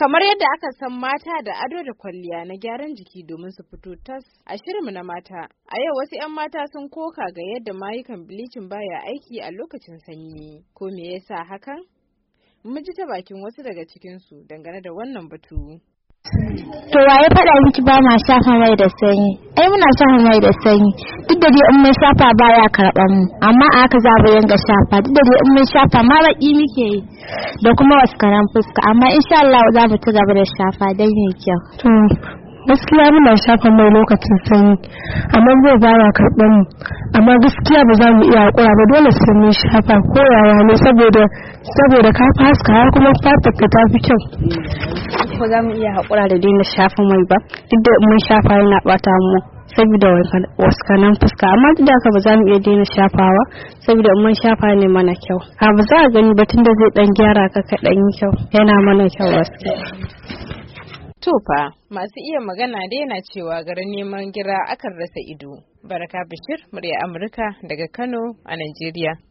Kamar yadda aka san mata da ado da kwalliya na gyaran jiki domin su fito tas a shirinmu na mata. A yau wasu 'yan mata sun koka ga yadda mayukan bilicin baya aiki a lokacin sanyi. Ko me yasa hakan? Mun ji ta bakin wasu daga cikinsu dangane da wannan batu. To ya faɗa miki ba ma shafa mai da sanyi? Ai muna shafa mai da sanyi. Duk da dai in mun shafa baya karɓar mu, amma a haka za mu yanga shafa. Duk da dai in mun shafa ma baki muke yi da kuma wasu karan fuska, amma insha Allah za mu ci gaba da shafa dan yin kyau. gaskiya muna shafa mai lokacin sanyi amma zai baya karɓar mu amma gaskiya ba za mu iya hakura ba dole sai mun shafa ko yaya ne saboda saboda ka haska har kuma fatar ka ta fi kyau ba za mu iya hakura da daina shafa mai ba duk da mun shafa yana bata mu saboda waskanan fuska amma duk da haka ba za mu iya daina shafawa saboda mun shafa ne mana kyau ha ba za a gani ba tunda zai dan gyara ka kaɗan kyau yana mana kyau gaskiya Tofa masu iya magana da yana cewa garin neman gira akan rasa ido. Baraka Bishir murya Amurka daga Kano a Najeriya.